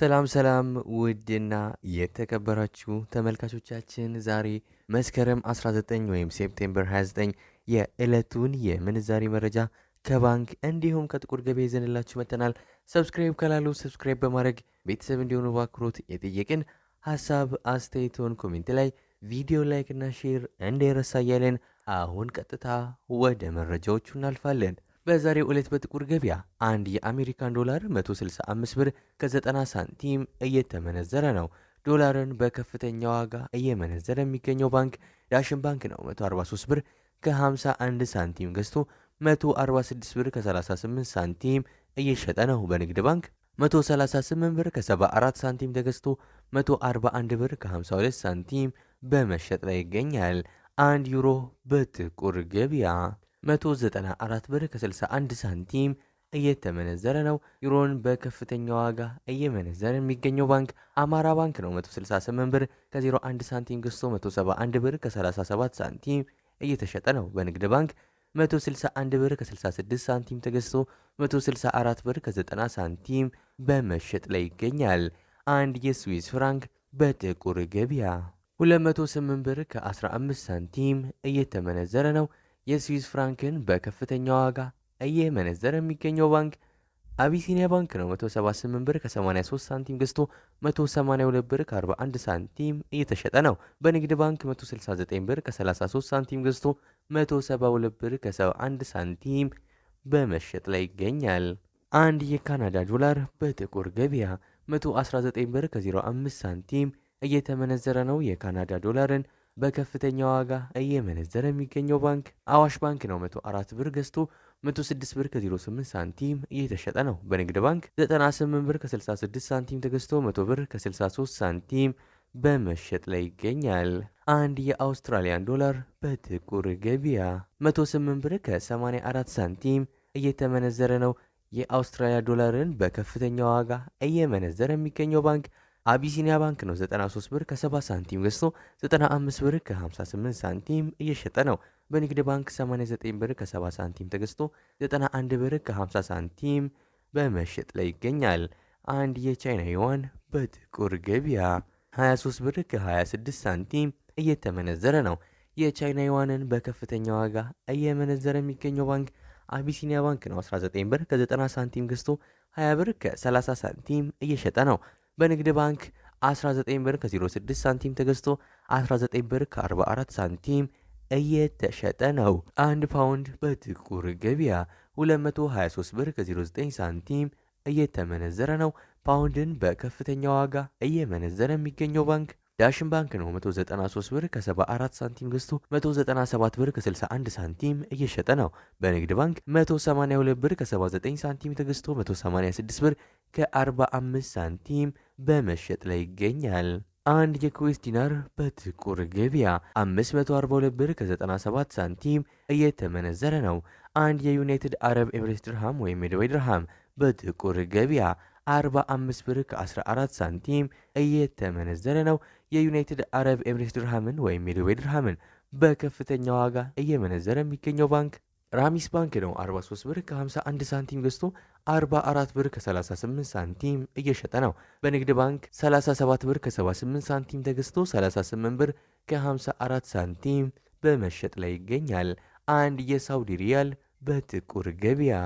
ሰላም ሰላም ውድና የተከበራችሁ ተመልካቾቻችን ዛሬ መስከረም 19 ወይም ሴፕቴምበር 29 የዕለቱን የምንዛሪ መረጃ ከባንክ እንዲሁም ከጥቁር ገበያ ይዘንላችሁ መጥተናል። ሰብስክራይብ ካላሉ ሰብስክራይብ በማድረግ ቤተሰብ እንዲሆኑ በአክብሮት የጠየቅን፣ ሀሳብ አስተያየቶን ኮሜንት ላይ ቪዲዮ ላይክና ሼር እንዳይረሳ እያለን አሁን ቀጥታ ወደ መረጃዎቹ እናልፋለን። በዛሬው ዕለት በጥቁር ገበያ አንድ የአሜሪካን ዶላር 165 ብር ከ90 ሳንቲም እየተመነዘረ ነው። ዶላርን በከፍተኛ ዋጋ እየመነዘረ የሚገኘው ባንክ ዳሽን ባንክ ነው። 143 ብር ከ51 ሳንቲም ገዝቶ 146 ብር ከ38 ሳንቲም እየሸጠ ነው። በንግድ ባንክ 138 ብር ከ74 ሳንቲም ተገዝቶ 141 ብር ከ52 ሳንቲም በመሸጥ ላይ ይገኛል። አንድ ዩሮ በጥቁር ገበያ 194 ብር ከ61 ሳንቲም እየተመነዘረ ነው። ዩሮን በከፍተኛ ዋጋ እየመነዘረ የሚገኘው ባንክ አማራ ባንክ ነው። 168 ብር ከ01 ሳንቲም ገዝቶ 171 ብር ከ37 ሳንቲም እየተሸጠ ነው። በንግድ ባንክ 161 ብር ከ66 ሳንቲም ተገዝቶ 164 ብር ከ90 ሳንቲም በመሸጥ ላይ ይገኛል። አንድ የስዊስ ፍራንክ በጥቁር ገበያ 208 ብር ከ15 ሳንቲም እየተመነዘረ ነው። የስዊስ ፍራንክን በከፍተኛ ዋጋ እየመነዘረ የሚገኘው ባንክ አቢሲኒያ ባንክ ነው። 178 ብር ከ83 ሳንቲም ገዝቶ 182 ብር ከ41 ሳንቲም እየተሸጠ ነው። በንግድ ባንክ 169 ብር ከ33 ሳንቲም ገዝቶ 172 ብር ከ71 ሳንቲም በመሸጥ ላይ ይገኛል። አንድ የካናዳ ዶላር በጥቁር ገበያ 119 ብር ከ05 ሳንቲም እየተመነዘረ ነው። የካናዳ ዶላርን በከፍተኛ ዋጋ እየመነዘረ የሚገኘው ባንክ አዋሽ ባንክ ነው። 104 ብር ገዝቶ 106 ብር ከ08 ሳንቲም እየተሸጠ ነው። በንግድ ባንክ 98 ብር ከ66 ሳንቲም ተገዝቶ 100 ብር ከ63 ሳንቲም በመሸጥ ላይ ይገኛል። አንድ የአውስትራሊያን ዶላር በጥቁር ገበያ 108 ብር ከ84 ሳንቲም እየተመነዘረ ነው። የአውስትራሊያ ዶላርን በከፍተኛ ዋጋ እየመነዘረ የሚገኘው ባንክ አቢሲኒያ ባንክ ነው 93 ብር ከ70 ሳንቲም ገዝቶ 95 ብር ከ58 ሳንቲም እየሸጠ ነው። በንግድ ባንክ 89 ብር ከ70 ሳንቲም ተገዝቶ 91 ብር ከ50 ሳንቲም በመሸጥ ላይ ይገኛል። አንድ የቻይና ዩዋን በጥቁር ገበያ 23 ብር ከ26 ሳንቲም እየተመነዘረ ነው። የቻይና ዩዋንን በከፍተኛ ዋጋ እየመነዘረ የሚገኘው ባንክ አቢሲኒያ ባንክ ነው 19 ብር ከ90 ሳንቲም ገዝቶ 20 ብር ከ30 ሳንቲም እየሸጠ ነው። በንግድ ባንክ 19 ብር ከ06 ሳንቲም ተገዝቶ 19 ብር ከ44 ሳንቲም እየተሸጠ ነው። አንድ ፓውንድ በጥቁር ገበያ 223 ብር ከ09 ሳንቲም እየተመነዘረ ነው። ፓውንድን በከፍተኛ ዋጋ እየመነዘረ የሚገኘው ባንክ ዳሽን ባንክ ነው። 193 ብር ከ74 ሳንቲም ገዝቶ 197 ብር ከ61 ሳንቲም እየሸጠ ነው። በንግድ ባንክ 182 ብር ከ79 ሳንቲም ተገዝቶ 186 ብር ከ45 ሳንቲም በመሸጥ ላይ ይገኛል። አንድ የኩዌስ ዲናር በጥቁር ገበያ 542 ብር ከ97 ሳንቲም እየተመነዘረ ነው። አንድ የዩናይትድ አረብ ኤምሬት ድርሃም ወይም የዱባይ ድርሃም በጥቁር ገበያ 45 ብር ከ14 ሳንቲም እየተመነዘረ ነው። የዩናይትድ አረብ ኤምሬት ድርሃምን ወይም የዱባይ ድርሃምን በከፍተኛ ዋጋ እየመነዘረ የሚገኘው ባንክ ራሚስ ባንክ ነው 43 ብር ከ51 ሳንቲም ገዝቶ 44 ብር ከ38 ሳንቲም እየሸጠ ነው። በንግድ ባንክ 37 ብር ከ78 ሳንቲም ተገዝቶ 38 ብር ከ54 ሳንቲም በመሸጥ ላይ ይገኛል። አንድ የሳውዲ ሪያል በጥቁር ገበያ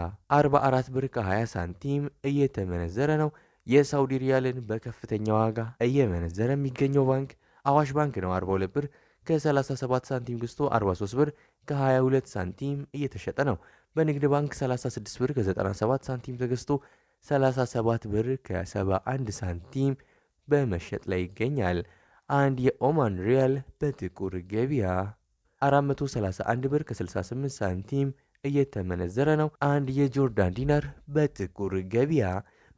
44 ብር ከ20 ሳንቲም እየተመነዘረ ነው። የሳውዲ ሪያልን በከፍተኛ ዋጋ እየመነዘረ የሚገኘው ባንክ አዋሽ ባንክ ነው 42 ብር ከ37 ሳንቲም ገዝቶ 43 ብር ከ22 ሳንቲም እየተሸጠ ነው። በንግድ ባንክ 36 ብር ከ97 ሳንቲም ተገዝቶ 37 ብር ከ71 ሳንቲም በመሸጥ ላይ ይገኛል። አንድ የኦማን ሪያል በጥቁር ገበያ 431 ብር ከ68 ሳንቲም እየተመነዘረ ነው። አንድ የጆርዳን ዲናር በጥቁር ገበያ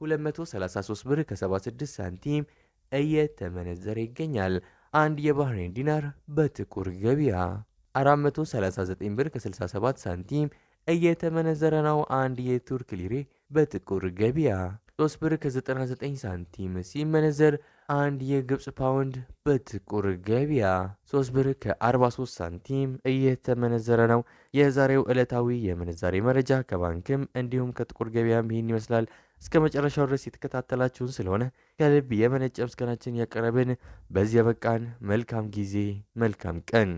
233 ብር ከ76 ሳንቲም እየተመነዘረ ይገኛል። አንድ የባህሬን ዲናር በጥቁር ገበያ 439 ብር ከ67 ሳንቲም እየተመነዘረ ነው። አንድ የቱርክ ሊሬ በጥቁር ገበያ 3 ብር ከ99 ሳንቲም ሲመነዘር አንድ የግብፅ ፓውንድ በጥቁር ገበያ 3 ብር ከ43 ሳንቲም እየተመነዘረ ነው። የዛሬው ዕለታዊ የምንዛሬ መረጃ ከባንክም እንዲሁም ከጥቁር ገበያም ይህን ይመስላል። እስከ መጨረሻው ድረስ የተከታተላችሁን ስለሆነ ከልብ የመነጨ ምስጋናችን ያቀረብን በዚህ በቃን። መልካም ጊዜ፣ መልካም ቀን